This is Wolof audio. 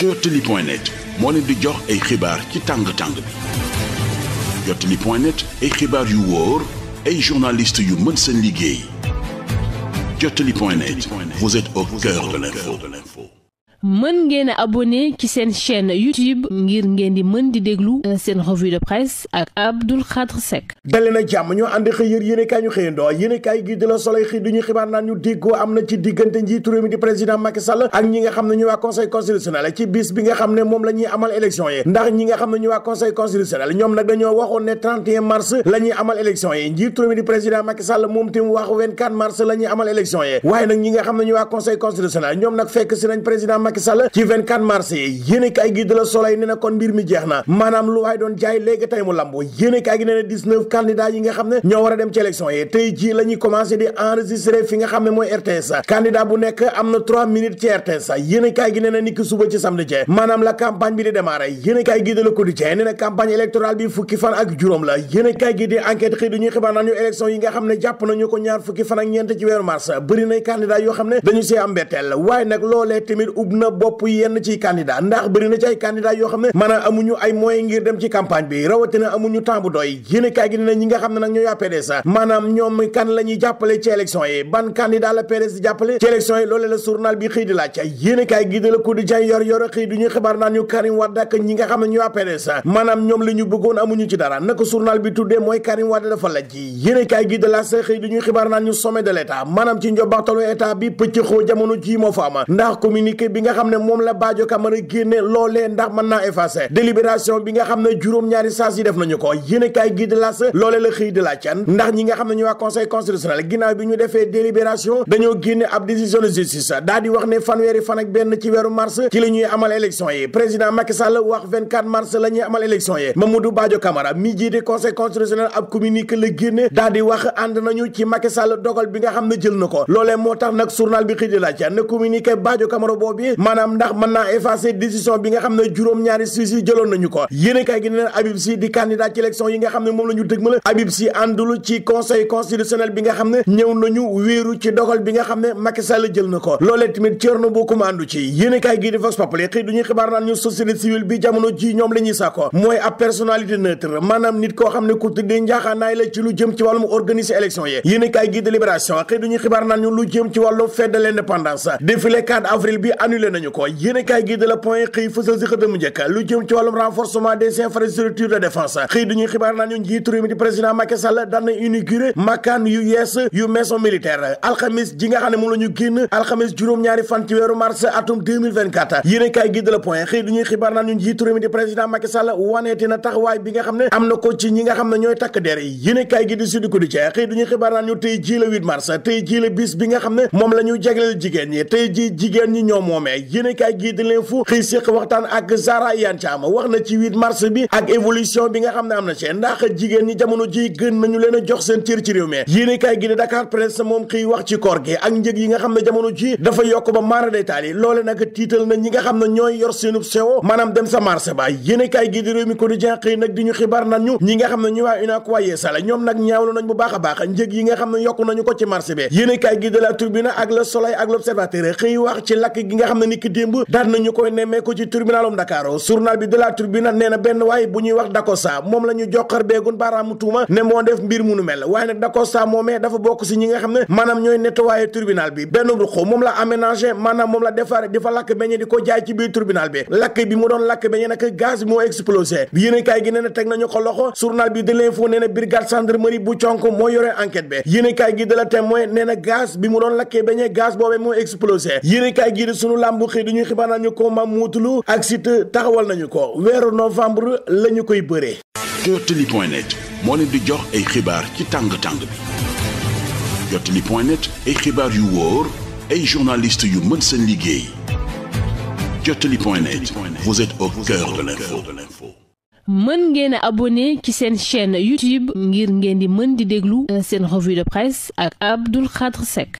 Jotali point net moo leen di jox ay xibaar ci tàng-tàng bi net ay xibaar yu wóor ay journalistes yu mën seen liggéey Jotali mën ngeen a ci seen chaîne YouTube ngir ngeen di mën di déglu euh, seen revue de presse ak Abdou Khadre Seck dale na jàmm ñoo ànd xëy yër i kaay ñu xëyandoo yéen i kaay gi di la Soleil xëy du ñu xibaar naan ñu déggoo am na ci diggante njiitu réew di président Macky Sall ak ñi nga xam ne ñu waa conseil constitutionnel ci bis bi nga xam ne moom la ñuy amal élection yi ndax ñi nga xam ne ñu waa conseil constitutionnel ñoom nag dañoo waxoon ne mars la Macky Sall ci 24 yi yéene kaay gi de Soleil ne na kon mbir mi jeex na maanaam lu waay doon jaay léegi tey mu lambo yéene kaay gi ne na 19 candidats yi nga xam ne ñoo war a dem ci élection yi tey jii la ñuy commencé di enregistré fi nga gi ne na niki suba ci samedi jee maanaam la campagne bi di démarré yéene kaay gi de la Quotidien ne na campagne bi fukki fan ak juróom la yéene kaay gi di enquête xëy du ñuy xibaar naan ñu élection yi nga na bopp yenn ciy candidat ndax bëri na ci ay candidat yoo xam ne maanaam amuñu ay moyens ngir dem ci campagne bi rawatina amuñu temps doy yéene kaay gi ne xëy a xëy du ñuy xibaar naan ñu Karim Wade ak ñi ci dara naka journal bi tuddee mooy Karim moo fa ndax communiqué bi nga xam ne moom la Badio Camara génne loolee ndax mën naa effacer délibération bi nga xam ne juróom-ñaari saas yi def nañu ko yéene kaay gii di la xëy di la can ndax ñi nga xam ne ñu waa conseil constitutionnel ginnaaw bi ñu defee délibération dañoo génne ab décision de justice daal di wax ne fanweeri fan ak benn ci weeru mars ci la ñuy amal élection yi président Macky Sall wax 24 mars la ñuy amal élection yi Mamadou Badio Camara mi jiite conseil constitutionnel ab communiqué la génne daal di wax ànd nañu ci Macky Sall dogal bi nga xam ne jël na ko loolee moo tax nag journal bi xëy di la can ne communiqué Badio Camara boobu maanaam ndax mën naa effacer décision bi nga xam ne juróom-ñaari siis yi jëloon nañu ko yéen kay gi neen Habib Sy di yi nga xam ne moom la ñu dëgmal Habib Sy àndul ci nga xam ne ñëw nañu wéeru ci dogal bi nga ne Macky Sall na ko loolee tamit Thierno Bocoum àndu ci yéen kay gi di Vox Populi xibaar naan bi jamono ji ñoom la ñuy sàkko mooy ab maanaam nit koo xam ne ku tuddee njaaxaanaay la ci lu jëm ci wàllum organiser élection yi yéen kay gi di Libération l'indépendance défilé 4 avril bi annulé yëgle nañu ko yéenekaay gi de la point xëy fësal xibaar naa ñu njiitu di président Macky Sall daan na inauguré yu yees yu maison militaire alxamis ji nga xam ne moom la ñu génn alxamis juróom-ñaari fan ci weeru mars ci ñi nga xam xibaar naa ñu tey ji la mars tey ji la bis bi nga xam ne moom la ñu jigéen ñi tey ji jigéen ñi ñoo moomee kaay yéen a kaay gii di fu xëy séq waxtaan ak Zahra Iyane Thiam wax na ci 8 mars bi ak évolution bi nga xam ne am na ci ndax jigéen ñi jamono ji gën nañu leen a jox seen cër ci réew mi yéen a kaay gii di moom xëy wax ci koor gi ak njëg yi nga xam ne jamono ji dafa yokk ba maara daytaal yi loole nag tiital na ñi nga xam ne ñooy yor seenub sewo maanaam dem sa marché ba yéen a kaay gii di réew mi quotidien xëy nag di ñu xibaar nan ñu ñi nga xam ne ñu waa UNACOIS waaye sala ñoom nag ñaawlu nañ bu baax a baax njëg yi nga xam ne yokk nañu ko ci marché bi yéen a kaay gii di la Tribune ak Le Soleil ak xëy wax ci lakk gi nga xam ne na ni ki démb daan nañu koy nemmeeku ci tribunalum Dakar journal bi de la tribune nee na benn waaye bu ñuy wax Dakosa moom la joxar beegun baaraamu tuuma ne moo def mbir munu mel waaye nag Dakosa moomee dafa bokk si ñi nga xam ne maanaam ñooy nettoyé tribunal bi benn ruq moom la aménagé maanaam moom la defar di fa lakk beñe di ko jaay ci biir tribunal bi lakk bi mu doon lakk beñe nag gaz bi moo explosé yéen gi nee na teg nañu ko bi mu doon lakkee Lamb xëy du ñuy xibaar naa ñu ak Siteu taxawal nañu ko weeru novembre la koy bëree. Jotali point net moo di jox ay xibaar ci tàng-tàng bi Jotali point net yu wóor mën seen liggéey Jotali point mën ngeen a ci seen chaîne YouTube ngir ngeen di mën di déglu euh, seen revue de presse ak Abdou Khadre Seck